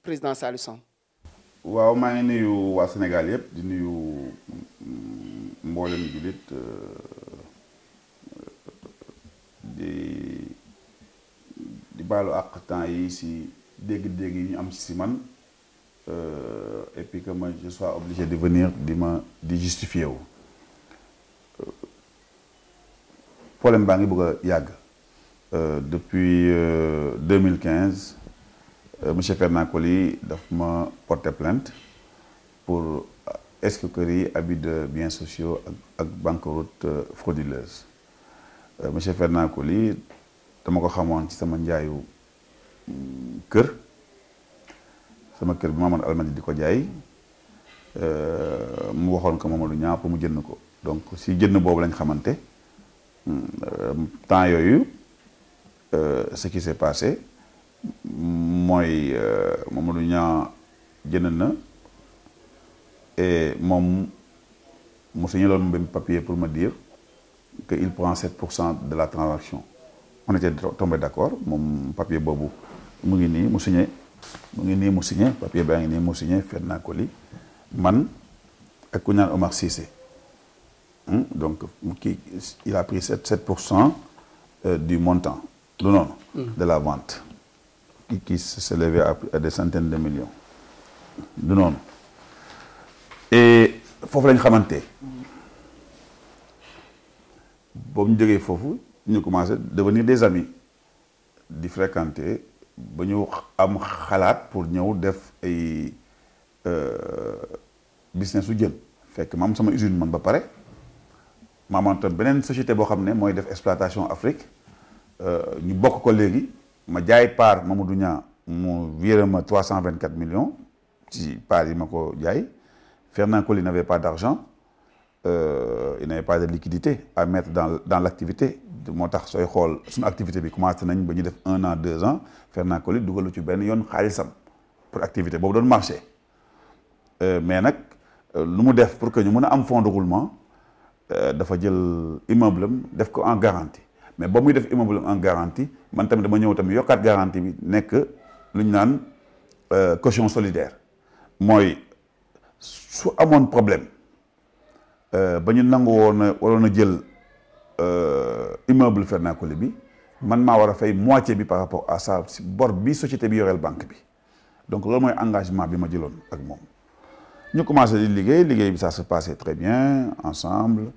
président Saliou Samb waaw maa ngi nuyu waa Sénégal yëpp di nuyu mboolem jullit euh, di di baalu àq temps yi si dégg-dégg yi am si man euh, et puis comment je sois obligé de venir di ma di justifier wu euh, problème baa ngi bëgg a yàgg depuis 2015 euh, monsieur Ferdinand Coly daf ma porter plainte pour euh, escroquerie abus de biens sociaux et banqueroute euh, frauduleuse monsieur Ferdinand Coly dama ko xamoon ci sama njaayu mm, kër sama kër bi Mamadou Almadi di ko euh mu waxoon ko Mamadou Niang pour mu jënd ko donc si jënd bobu lañ mm, euh temps euh ce qui s'est passé moi euh, Mamadou suis et mon papier pour me dire qu'il il prend 7 de la transaction on était tombé d'accord mon papier bobou. papier man hmm? donc il a pris 7 euh, du montant hmm. de la vente qui, s'est s'élevait à, des centaines de millions de noonu et foofu lañ xamante boobu ñu jógee nous ñu commencé devenir des amis d'y fréquenter ba ñu am xalaat pour ñëw def ay euh, business su jën fekk ma am sama usine man ba pare ma amoon société boo xam ne mooy def exploitation Afrique euh, ñu beaucoup ko ma jaay par Mamadou nya mu viré 324 millions ci par yi mako ko jaay Fernand Coly n'avait pas d'argent euh, il n'avait pas de liquidité à mettre dans dans l'activité de motax soy xool suñu activité bi commencé nañ ba ñu def 1 an deux ans Fernand Coly dugalu ci ben yon xaalisam pour activité bobu doon marché euh, mais nak euh, lu mu def pour que ñu mëna a am fonds de roulement euh, dafa jël immeuble def ko en garantie mais ba muy def immeuble en garantie man tamit dama ñëw tamit yokkaat garantie bi nekk lu ñu naan euh, caution solidaire mooy su amoon problème euh, ba ñu nangu woon a waroon a jël euh, immeuble Ferdinand Coly bi man maa war a fay moitié bi par rapport à ça si bor bi société bi yoreel banque bi donc loolu mooy engagement bi ma jëloon ak moom ñu commencé di liggéey liggéey bi ça se passait très bien ensemble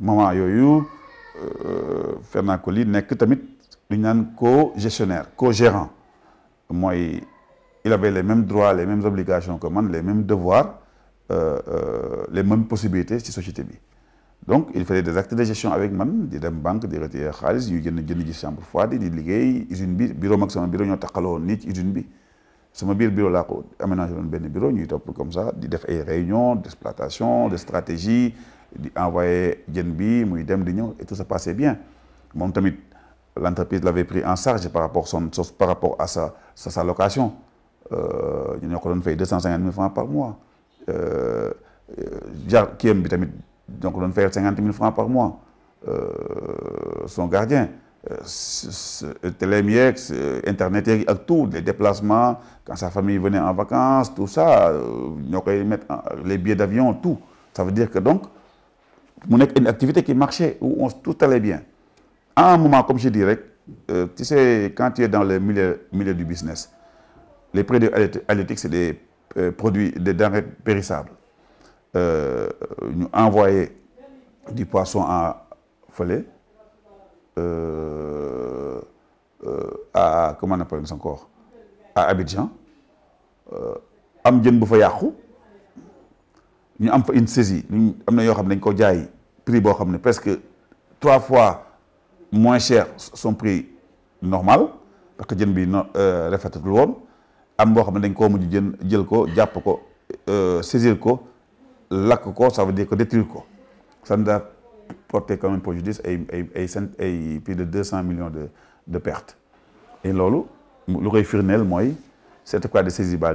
moment yooyu Euh, Fernand Colline n'est que un co-gestionnaire co-gérant il avait les mêmes droits les mêmes obligations que moi, les mêmes devoirs euh, euh, les mêmes possibilités ci société donc il faisait des actes de gestion avec man di dem banque di retirer xaalis yu jënd jënd ji chambre di liggéey usine bi bureau maximum, sama bureau ñoo taqaloo nit bureau usine bi sama biir bureau laa ko aménagé benn bureau ñuy comme ça di def ay réunions, d'exploitation de stratégie il envoyé jën bi et tout se passait bien Mon l'entreprise l'avait pris en charge par rapport son par rapport à sa sa, location Il a fait 250 000 francs par mois Euh, qui bi tamit donc francs par mois euh, son gardien euh, télém internet tout les déplacements quand sa famille venait en vacances tout ça euh, les billets d'avion tout ça veut dire que donc une activité qui marchait où on tout allait bien à un moment comme je dirais, euh, tu sais quand tu es dans le milieu du business les produits halieutiques c'est des euh, produits des denrées périssables nous euh, envoyé du poisson à Follet, à comment on appelle encore à Abidjan ñu am une saisie ñu am na yoo xam dañ ko jaay prix boo xam presque trois fois moins cher son prix normal parce que jën bi no euh, rafetatul woon am boo xam ne dañ koo mujj jën jël ko jàpp ko euh, saisir ko lakk ko ça veut dire que détruire ko ça nous a porté quand même préjudice ay et ay cent plus de 200 millions de de pertes et loolu lu koy firndeel mooy certificat de saisie baa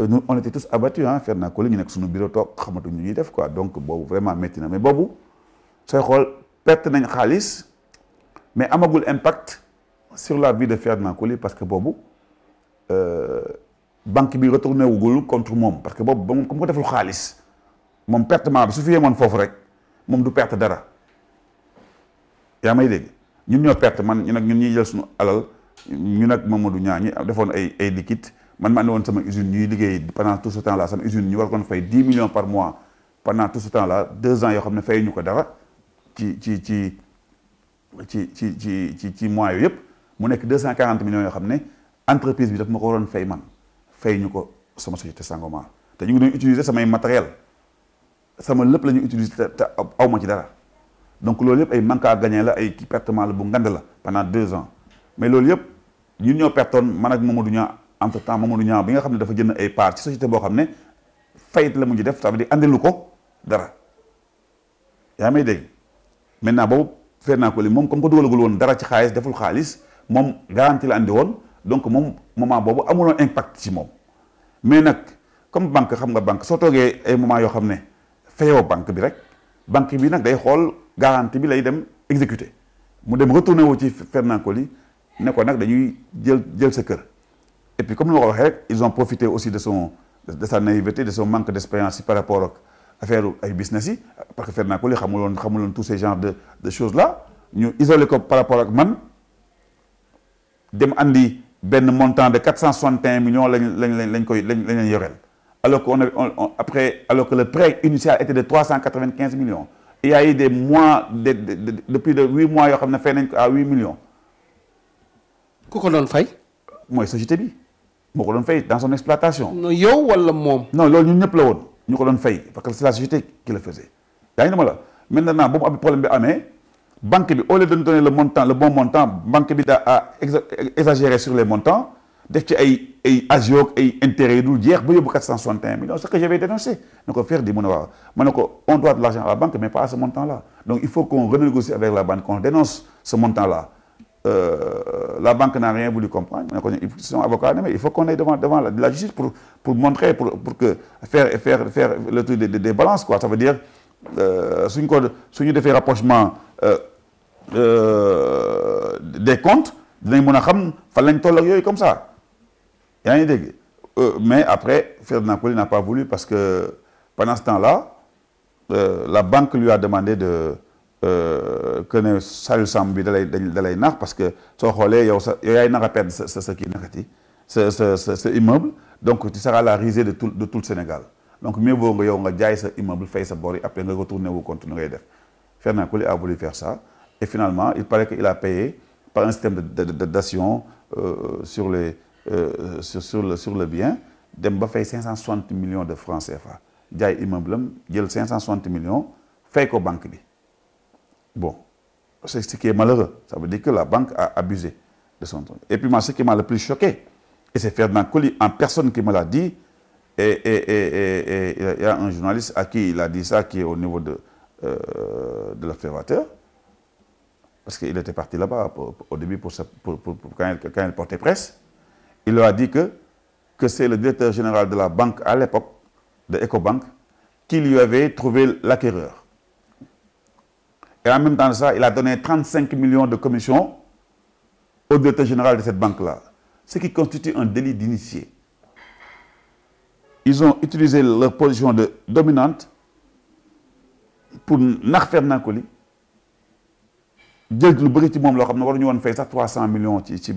Euh, nous on était tous abattus ah hein, Ferdinand Coly ñu nekk suñu bureau toog xamatuñu ñuy def quoi donc boobu vraiment métti mais boobu sooy xool perte nañ xaalis mais amagul impact sur la vie de Ferdinand Coly parce que euh, banque bi retourné wugul contre moom parce que boobu ba moom comme ko deful xaalis moom perte m'a su fi yemoon foofu rek moom du perte dara yaa may dégg ñun ñoo perte man ñu nag ñun ñuy jël suñu alal ñu nag Mamadou Niang ñi defoon ay ay liquide man man won sama usine ñuy liggéey pendant tout ce temps là sama usine ñu war koon fay 10 millions par mois pendant tout ce temps là 2 ans yo xamne fay ñuko dara ci ci ci ci ci ci ci ci mois yooyu yëpp mu nek 240 millions yo xamne entreprise bi daf mako ko fay man fay ñuko sama société sangoma té ñu ngi doon utiliser sama matériel sama lepp lañu utiliser té awma ci dara donc lool yépp ay manque à gagner la ay pertement la bu ngand la pendant 2 ans mais lool yépp ñun ñoo pertone man ak momadou Niang entre temps Mamadou Niang bi nga xam ne dafa jënd ay part ci société boo xam ne fayit la mu ji def sa tamit di andilu ko dara yaa may dégg maintenant boobu Fernacoli moom comme ko dugalagul woon dara ci xaalis deful xaalis moom garantie la andi woon donc moom moment boobu amuloon impact ci moom mais nag comme banque xam nga banque soo toogee ay moment yoo xam ne fayoo banque bi rek banque bi nag day xool garantie bi lay dem exécuter mu dem retourné wu ci Fernacoli ne ko nag dañuy jël jël sa kër Et puis, comme nous ils ont profité aussi de, son, de, sa naïveté, de son manque d'expérience par rapport à faire à business, parce que Fernand tous ces genres de, de choses-là, nous isolé par rapport à Man, dem andi ben montant de 461 millions alors après alors que le prêt initial était de 395 millions il y a eu des mois depuis de, 8 mois yo fait à 8 millions Qu'est-ce qu'on fay moy société bi dans son exploitation. non yow wala moom. non Nous ñun ñëpp la woon ñu parce que c'est la société qui le faisait Maintenant, si maintenant problème bi banque au lieu de nous donner le montant le bon montant la banque a exagéré sur les montants def ci a ay agio ay intérêts Il y a 461 millions ce que j'avais dénoncé donc on doit de l'argent à la banque mais pas à ce montant là donc il faut qu'on renégocie avec la banque qu'on dénonce ce montant là euh, la banque n'a rien voulu comprendre. Ils sont avocats, mais il faut qu'on aille devant, la, justice pour, montrer, pour, que faire, faire, faire le truc des, balances. Ça veut dire, euh, si faire rapprochement euh, des comptes, il fallait comme ça. Il y a une mais après, Ferdinand Colli n'a pas voulu parce que pendant ce temps-là, la banque lui a demandé de, euh, que ne salu semble de dalay dalay nax parce que ce qu'il yow il y yaay a perdre ce ce ce ce ce immeuble donc tu seras la risée de tout de tout le Sénégal donc mieux vaut que yow nga immeuble fay sa bori après nga retourné wu continuer ngay Fernand a voulu faire ça et finalement il paraît qu'il a payé par un système de euh, sur les euh, sur le sur le bien dem ba fay 560 millions de francs CFA jaay immeuble 560 millions fay ko banque Bon, c'est ce qui est malheureux. Ça veut dire que la banque a abusé de son truc. Et puis moi, ce qui m'a le plus choqué, et c'est Ferdinand Colli en personne qui me l'a dit, et, il y a un journaliste à qui il a dit ça, qui est au niveau de, euh, de l'observateur, parce qu'il était parti là-bas au début pour, quand, il, portait presse, il lui a dit que, que c'est le directeur général de la banque à l'époque, de EcoBank, qui lui avait trouvé l'acquéreur. Et en même temps de ça, il a donné 35 millions de commissions au directeur général de cette banque-là. Ce qui constitue un délit d'initié. Ils ont utilisé leur position de dominante pour faire. ont fait 300 millions ci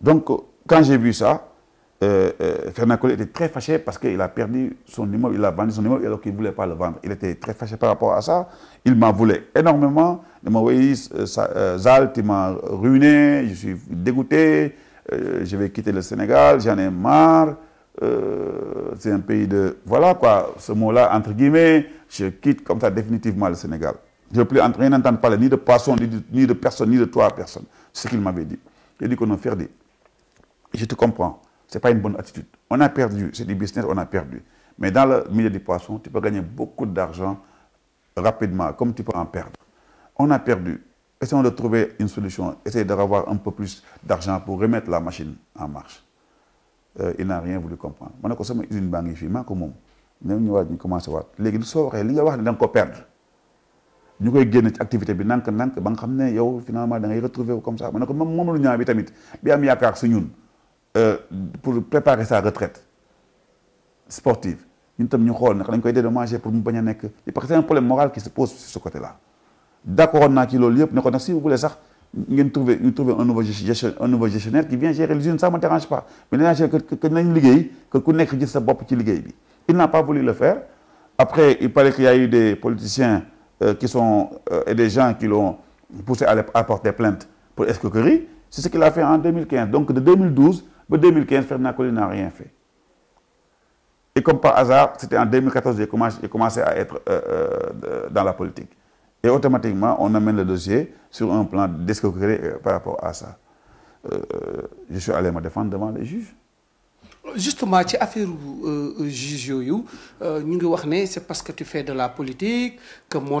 donc quand j'ai vu ça euh, euh, Fernand était très fâché parce qu'il a perdu son immeuble, il a vendu son immeuble alors qu'il ne voulait pas le vendre. Il était très fâché par rapport à ça. Il m'en voulait énormément. Il m'a dit Zal tu ruiné, je suis dégoûté, euh, je vais quitter le Sénégal, j'en ai marre. c'est un pays de. Voilà quoi, ce mot-là, entre guillemets, je quitte comme ça définitivement le Sénégal. Je ne veux plus rien entendre parler ni de poisson, ni de, personne, ni de toi, personne. C'est ce qu'il m'avait dit. Il a dit qu'on a fait Je te comprends. Ce n'est pas une bonne attitude. On a perdu, c'est du business, on a perdu. Mais dans le milieu des poissons, tu peux gagner beaucoup d'argent rapidement, comme tu peux en perdre. On a perdu. Essayons de trouver une solution, essayons d'avoir un peu plus d'argent pour remettre la machine en marche. Euh, il n'a rien voulu comprendre. Moi, quand on une banque, il suis même nous avons commencé à Les gens sont les gens Je perdre. Nous avons gagné cette activité, nous avons finalement retrouver comme ça. suis nous avons gagné cette activité, nous avons gagné cette euh, pour préparer sa retraite sportive ñun tam ñu xool naka lañ koy pour mu bañ parce que c'est un problème moral qui se pose sur ce côté là D'accord, on a qu'il loolu yëpp ne ko nag si vous voulez sax ngeen trouver ñu trouver un nouveau gestionnaire, un nouveau gestionnaire qui vient gérer l'usine ça me dérange pas mais nee a que que nañ liggéey que ku nekk gis sa ci bi il n'a pas voulu le faire après il paraît qu'il y a eu des politiciens euh, qui sont euh, et des gens qui l'ont poussé à, apporter plainte pour escroquerie c'est ce qu'il a fait en 2015 donc de 2012 en 2015 Fernacoli n'a rien fait et comme par hasard c'était en 2014 que j'ai commencé à être euh, euh, dans la politique et automatiquement on amène le dossier sur un plan d'escroquerie euh, par rapport à ça je suis allé me défendre devant les juges. justement affaire juge c'est parce que tu fais de la politique que mon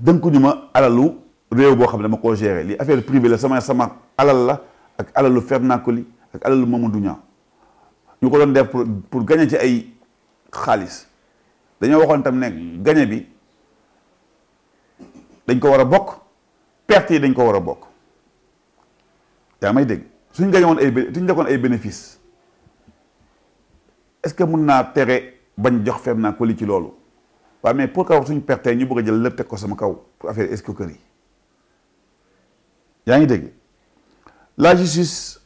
dënkuñu ma alalu réew boo xam ne dama koo gérer li affaire privé la sama sama alal la ak alalu Ferdinand Coly ak alalu Mamadou Niang ñu ko doon def pour pour gagner ci ay xaalis dañoo waxoon tam ne gagner bi dañ ko war a bokk perte yi dañ ko war a bokk yaa may dégg suñ gagné woon ay suñ defoon ay bénéfice est-ce que mun naa tere bañ jox Ferdinand Coly ci loolu. waaw mais pourquoi que suñu perte ñu bëgg a jël le teg ko sama kaw pour affaire escroquerie a ngi dégg la justice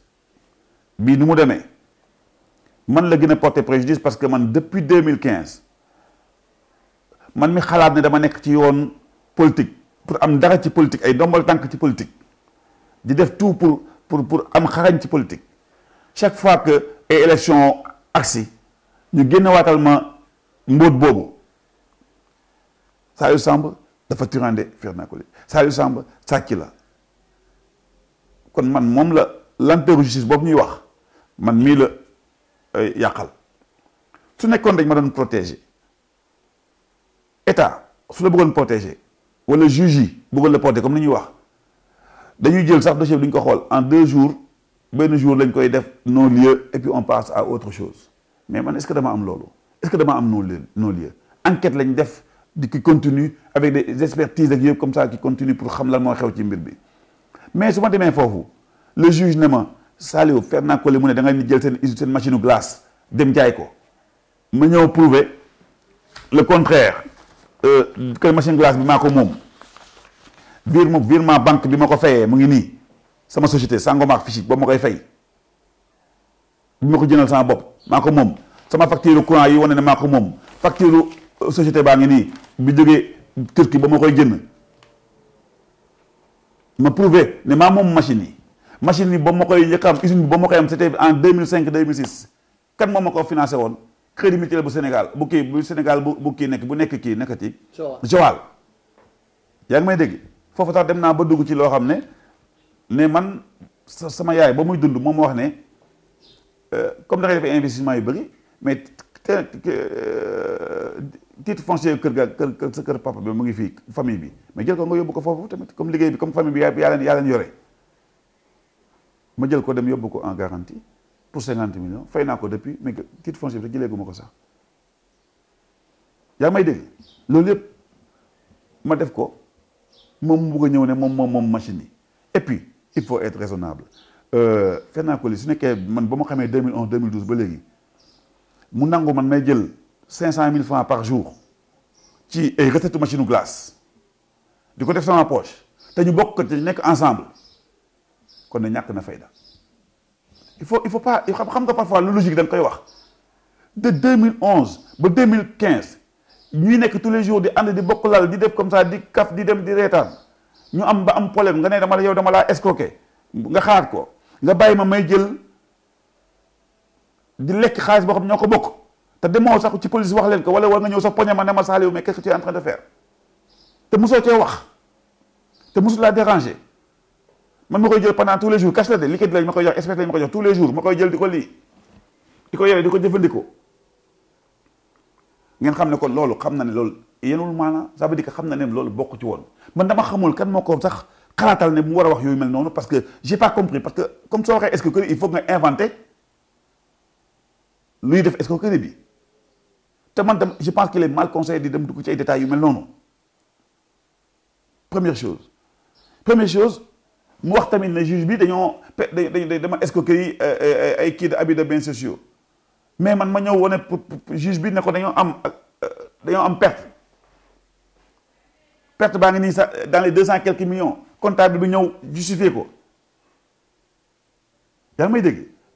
bi nous mu man la gën porter préjudice parce que man depuis 2015 man mi xalaat ne dama nekk ci yoon politique pour am dara ci politique ay dombal tank ci politique di def tout pour pour pour am xarañ ci politique chaque fois que ay élection agsi ñu génn watal ma mbóot boobu ça ressemble dafa turandé Ferdinand Coly ça Samb ressemble la kon man moom la lenteur je on ñuy wax man mii la euh, yàqal su protéger état su je protéger wala juge jugeait, protéger comme ni ñuy wax dañuy jël sax dossier en deux jours benn jour lañ non lieu et puis on passe à autre chose mais est-ce que dama am est-ce que dama am en enquête qui continue avec des expertises comme ça qui continue pour savoir ce qui est Mais si je suis le juge ne m'a Saléo, Fernand Collé, vous avez une machine de glace, dem jaayko ma ñëw prouver le contraire euh, que machine glace bi maa ko moom virement virement banque bi ma ko fayee mu ngi nii sama société Sangomar Fichi boobu ma koy fay bi ma ko jëndal sama bopp maa ko moom sama facture courant yi wane ne maa ko moom facture société baa ngi nii bi jógee turki ba ma koy jënd ma prouvé né ma mom machine yi machine yi ba ma koy njëkk am usine bi ba ma koy am c'était en 2005 2006 kan moom ma ko financé woon crédit mutuel bu Sénégal bu ki bu Sénégal bu ki nek bu nek ki nekkati. jowal yaa ngi may dégg fofu ta dem na ba dugg ci lo xamné né man sama yaay ba muy dund mom wax né euh comme da nga def investissement yu bëri mais. Eh, titre foncier que ga que que papa bi mu ngi famille bi mais jël ko nga beaucoup ko foofu tamit comme liggéey bi comme famille bi y a yaa leen yore ma jël ko dem yóbbu ko en garantie pour 50 millions fay naa depuis mais titre foncier bi te jëlee gu ma ko sax yaa may dégg loolu ma def ko moom mu bugg a mon mon mon machine et puis il faut être raisonnable fay naa ko que su nekkee man ba quand même 2011 2012 ba mu nangu man may francs par jour ci ay recette machine glace Du côté de poche te ñu ensemble kon ne na fayda il faut il faut pas xam parfois la logique de de 2011 à 2015 nous sommes tous les jours di ànd di bokk comme ça des kaf di dem di ñu am ba am problème nga dama la yow dama nga xaar ko di lekk xaalis boo xam ñoo ko bokk te demoo sax ci police wax leen ko wala war nga ñëw sax poñe ma ne ma Saliou mais qu'est-ce que tu es en train de faire te mosoo cee wax te mosul laa déranger man ma koy jël pendant tous les jours cash la de liquide lañ ma koy jox espèce lañ ma koy jox tous les jours ma koy jël di ko lii di ko yore di ko jëfandikoo ngeen xam ne kon loolu xam na ne loolu yenul maanaam ça veut dire que xam na ne loolu bokk ci woon man dama xamul kan moo ko sax xalaatal ne mu war a wax yooyu mel noonu parce que j'ai pas compris parce que comme soo waxee est-ce que il faut nga inventer lui def je pense que les mal conseillé di dem détails mais non, première chose première chose moi, wax tamit ne juge bi dama biens sociaux mais man ma juge bi ne ko euh, perte perte dans les deux quelques millions comptable bi justifié ko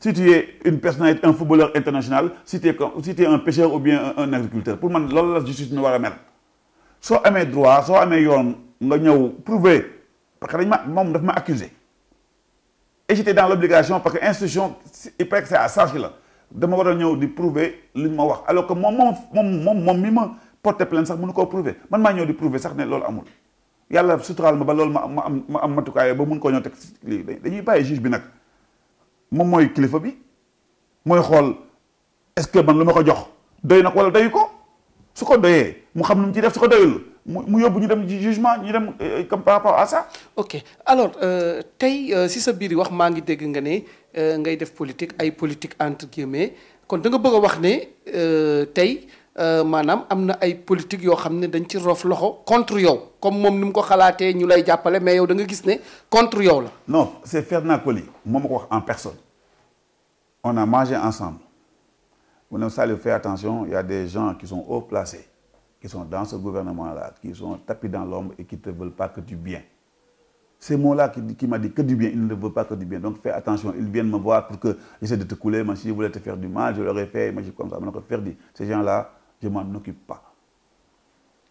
si tu es une personnalité, un footballeur international, si tu es, si es un pêcheur ou bien un, un agriculteur. Pour moi, c'est la justice ne va Si on a droit, droits, si on a yon, prouver. Parce que moi, je m'a accusé. Et j'étais dans l'obligation, parce que l'institution, il paraît que c'est à ça que là. De me venir prouver ce que je Alors que moi, mon mon mon mime porte plainte, ça, je ne peux prouver. Moi, je suis prouver ça, que c'est ça. Yalla sutral ma ba peux ma am ma am matukaay ba mën ko ñoo tek li dañuy baye juge bi nak moom mooy kilifa bi moy xol est-ce que man lu ko jox doy nak wala doyu ko su ko mu xam num ci def suko doyul mu yobbu ñu dem ci jugement ñu dem euh, comme par rapport à ça. ok alors euh tay euh, si sa biir wax ma ngi dégg nga ne euh, ngay def politique ay politique entre guillemets kon da nga bëgg wax né euh tay euh, Madame, am a ay politique yo xam dañ ci rof contre yow comme mom ni ko xalaatee ñu lay mais yow da nga contre yow la. non c'est Ferdinand Coly Moi, ko en personne on a mangé ensemble Vous ne attention il y a des gens qui sont haut placés qui sont dans ce gouvernement là qui sont tapis dans l'ombre et qui te veulent pas que du bien. Ces mots-là qui, qui m'a dit que du bien, il ne veut pas que du bien. Donc fais attention, ils viennent me voir pour que j'essaie de te couler, Moi, si je voulais te faire du mal, je leur ai fait, Moi, je comme ça, mais faire Ces gens-là, je m'en occupe pas.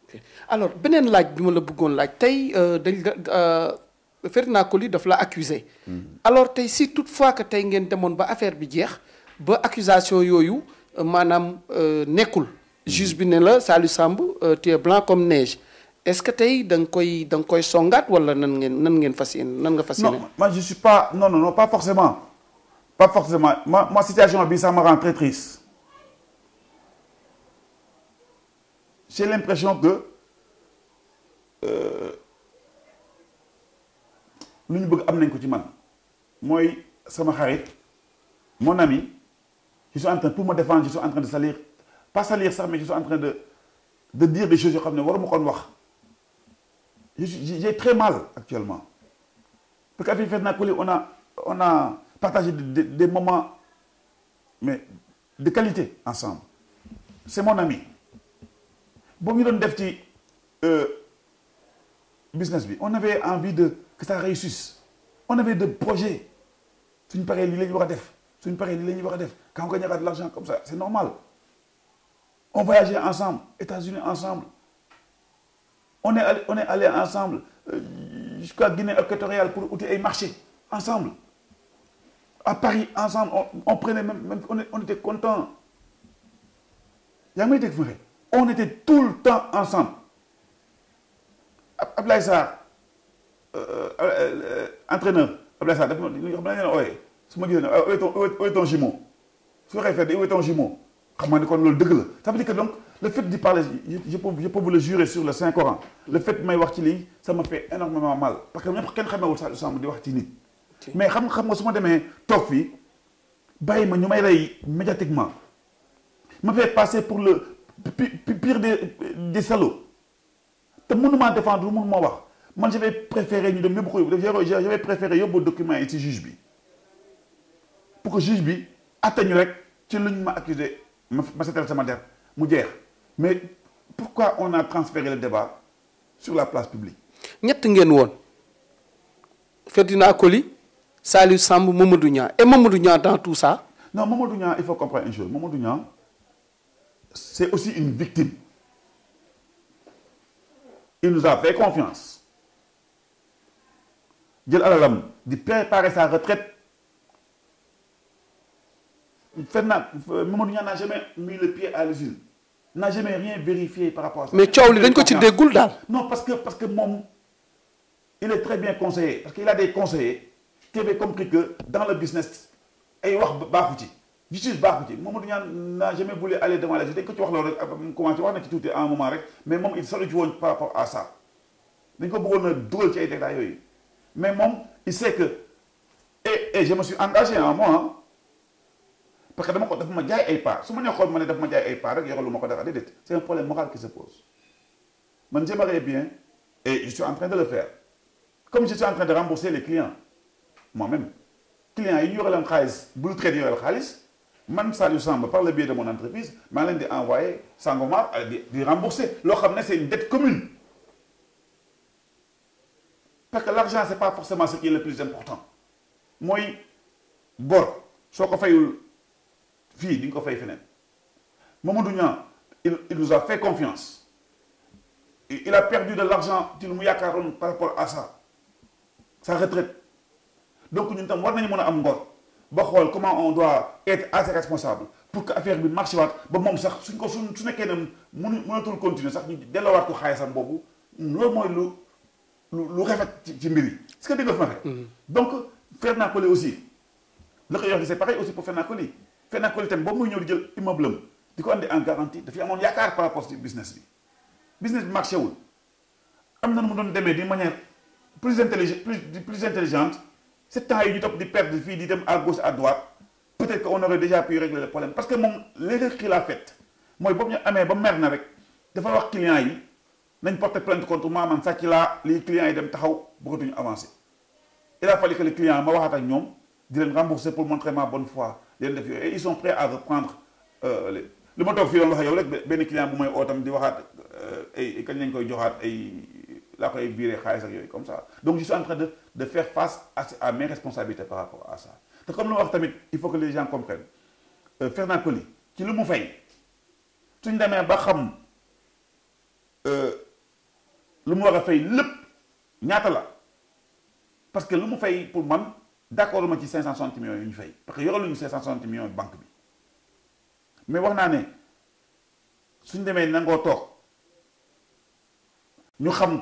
Okay. alors benen laaj bima la bëggoon laaj tey euh, dañ la euh, Ferdinand Coly daf la accusé hmm. alors tay si toutefois que tey ngeen demoon ba affaire bi jeex ba accusation yooyu euh, maanaam nekul hmm. juge bi ne la Saliou Samb tu es blanc comme neige est-ce que tey da nga koy da nga koy songaat wala nan ngeen nan ngeen fas nan nga fas yéene. non moi je suis pas non non non pas forcément pas forcément ma ma situation bi ça me rend très triste. j'ai l'impression que euh, mon ami je suis en train pour me défendre je suis en train de salir pas salir ça, mais je suis en train de de dire des choses que je ne pas wax j'ai très mal actuellement parce qu'à Fifet on a on a partagé des, des moments mais de qualité ensemble c'est mon ami Bon, nous def euh, business on avait envie de que ça réussisse on avait des projets C'est une pareille l'île ñu def pareille quand on gagnera de l'argent comme ça c'est normal on voyageait ensemble États-Unis ensemble on est allé on est ensemble euh, jusqu'à Guinée équatoriale pour aller marcher ensemble à Paris ensemble on était prenait même on était content yaa may on était tout le temps ensemble. Ablaye entraîneur Sarr ton jumeau Où est ton jumeau ça veut dire que donc le fait de parler je peux vous le jurer sur le Saint Coran le fait de me voir ça m'a fait énormément mal parce que di mais me dit. moi médiatiquement je fait passer pour le pire des des salauds te mënumaa défendre mënumaa wax Moi j'avais préféré ñu dem yóbbu ko yóbbu j'avais préféré yóbbu document et ci juge bi pour que juge bi atteigne rek ci lu ma accusé ma ma seetal sama mu mais pourquoi on a transféré le débat sur la place publique. ñett ngeen woon Ferdinand Coly Saliou Samb Mamadou Niang et Mamadou Niang dans tout ça. non Mamadou Niang il faut comprendre une chose Mamadou Niang c'est aussi une victime. Il nous a fait confiance. Il a préparé sa retraite Maman n'a jamais mis le pied à l'usine n'a jamais rien vérifié par rapport à ça. mais tu as oublié ko ci dégoules là. non parce que parce que mon, il est très bien conseillé parce qu'il a des conseillers qui avaient compris que dans le business ay wax des ci justice baaxu ci Mamadou Niane n'a jamais voulu aller devant la justice dañ ko ci wax loolu rek commencé wax na à un moment mais maman il salu ci woon par rapport à ça dañ ko bëggoon na dugal ci ay déclats yooyu mais maman il sait que et et je me suis engagé en moi parce que dama ko dafa ma jaay ay part su ma nekkoon ma ne dafa ma jaay et pas rek yoralu ma ko dara déedéet c'est un problème moral qui se pose man j'aimerais bien et je suis en train de le faire comme je suis en train de rembourser les clients moi-même clients yi ñu yoralam xaalis bul traité yoral xaalis man lui semble, par le biais de mon entreprise malin vais envoyer envoyé Sangomar à euh, remboursé c'est une dette commune parce que l'argent ce n'est pas forcément ce qui est le plus important Moi, bor suis un fayul fii di nga ko fay il nous a fait confiance il a perdu de l'argent par rapport à ça sa retraite donc nous avons war nañu ba xool comment on doit être assez responsable pour que affaire bi marché waat ba moom sax suñ ko suñ su nekkee ne mënu mënatul continuer sax ñu delloowaat ko xaalisam boobu loolu mooy lu lu lu rafet ci ci mbir est-ce que dégg nga fi mm-hmm. donc Ferdinand Coly aussi la ko yor c'est pareil aussi pour Ferdinand Coly Ferdinand Coly tamit boobu muy ñëw di jël immeuble am andi en garantie dafay amoon yaakaar par rapport ci business bi business bi marché wul am na nu mu doon demee d'une manière plus intelligente plus plus intelligente c'est temps yi ñu topp de perdre fii di à gauche à droite peut-être qu'on aurait déjà pu régler le problème parce que mon l'erreur qu'il a faite moi, boobu ñu amee ba mer na rek dafa wax client yi nañ porter plainte contre moi man sàcc a lii clients yi dem taxaw bëggatuñu avancer il a fallu que les clients ma waxaat ak ñoom di rembourser pour montrer ma bonne foi et ils sont prêts à reprendre euh, le moteur. toog fii doon wax yow rek benn client bu may oo di waxaat euh, ay kañ lañ koy joxaat ay là quand il comme ça. Donc je suis en train de, de faire face à, mes responsabilités par rapport à ça. Donc, comme nous il faut que les gens comprennent. Euh, Fernand Colli, qui le fait, tu ne même pas lu mu war a fay lépp ñaata la parce que lu mu fay pour moi d'accord accord ma ci 560 millions une fait fay parce que yoraluñu 560 millions banque bi mais wax naa ne suñ demee nangoo toog ñu xam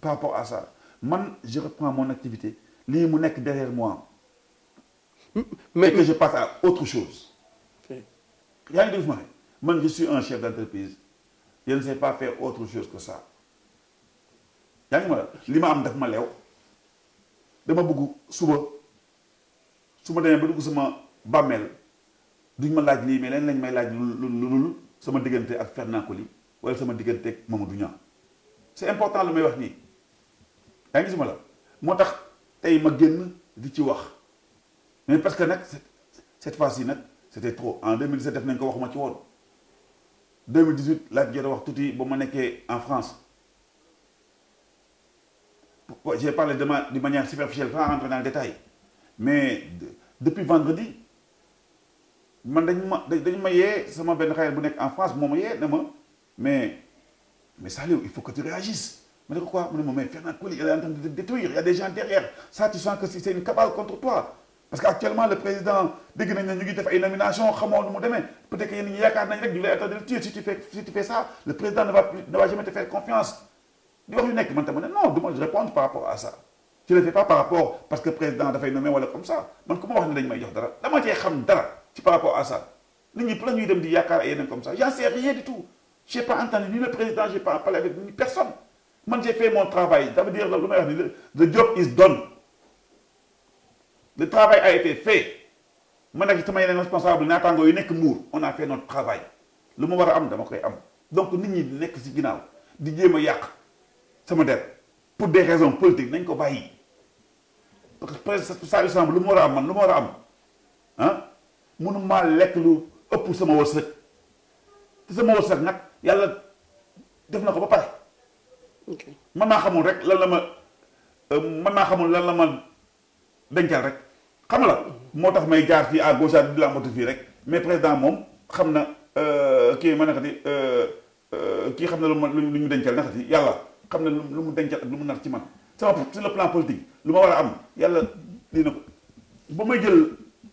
par rapport à ça man je reprends mon activité lii mu nekk derrière moi. mais et que je passe à autre chose. yaa ngi dégg ma ne man je suis un chef d'entreprise je ne sais pas faire autre chose que ça yaa ngi ma li ma am daf ma leew dama bëgg suba su ma demee ba dugg sama bàmmeel duñ ma laaj lii mais leen lañ may laaj lu lu sama diggante ak Fernand wala sama diggante ak Mamadou Niang c'est important lu may wax nii yaa ngi gisuma la moo ma mais parce que cette fois-ci c'était trop en 2017 je nañ ko waxuma ci En 2018 je jot tout wax tuuti ba en France pourquoi j'ai parlé de superficielle, je manière superficielle pas rentrer dans le détail mais depuis vendredi man suis ma dañ ma yee en France mais mais il faut que tu réagisses mais pourquoi quoi Mais Fernand il est en train de détruire, il y a des gens derrière. Ça, tu sens que c'est une cabale contre toi. Parce qu'actuellement, le président, dès qu'il fait une nomination, peut-être qu'il y a un tuer. Si tu fais, si tu fais ça, le président ne va, plus, ne va jamais te faire confiance. Non, je réponds par rapport à ça. Je ne le fais pas par rapport parce que le président a fait une nomination comme ça. Mais comment on va dire ça La moitié est par rapport à ça. Nous a plein de comme ça. n'en sais rien du tout. Je n'ai pas entendu ni le président, je n'ai pas parlé avec ni personne man j'ai fait mon travail ça veut dire lu wax ni the job is done le travail a été fait man ak sama yeneen responsable naataangoo yu nekk Mbour on a fait notre travail lu ma war a am dama koy am donc nit ñi nekk ci ginnaaw di jéem a sama der pour des raisons politiques nañ ko bàyyi parce que président ça ressemble lu ma war a am man lu am ah hein? mënu maa lekk lu ëpp sama wërsëg te sama wërsëg nag yàlla def na ko ba pare. man naa xamul rek lan la ma euh, man naa xamul lan la ma dencal rek xam la moo tax may jaar fii à gauche à di lambatu fii rek mais président moom xam na euh, kii ma nekkati euh, kii xam na lu ma lu ñu dencal nekkati yàlla xam na lu mu dencal ak lu mu nar ci man sama sur le plan politique lu ma war a am yàlla lii na ko may jël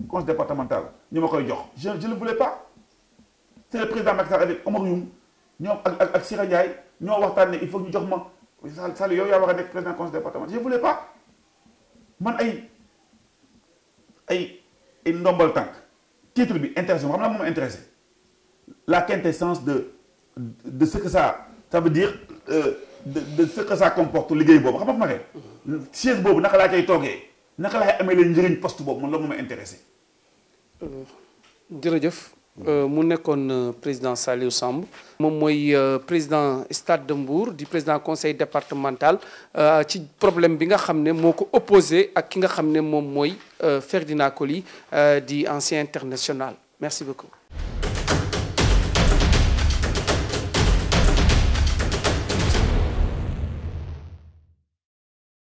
conseil départemental ñu ma koy jox je je ne le président Macky Sall avec Omar Youm ñoom ak ak ak ñoo waxtaan ne il faut que jox ma Sall yow yaa war a nekk président conseil départemental je voulais pas man ay ay ay ndombal tànk titre bi intéressant xam naa intéressé la quintessence de de ce que ça ça veut dire euh, de de ce que ça comporte liggéey boobu xam nga fu ma ne chaise boobu naka laa cay toogee naka laay amee leen njëriñ poste boobu man loolu moom intéressé euh, jërëjëf suis euh, le euh, président Saliou Samb suis euh, le président stade de Mbour président président conseil départemental ci problème bi nga xam ne opposé à qui nga Ferdinand Colli, ancien international merci beaucoup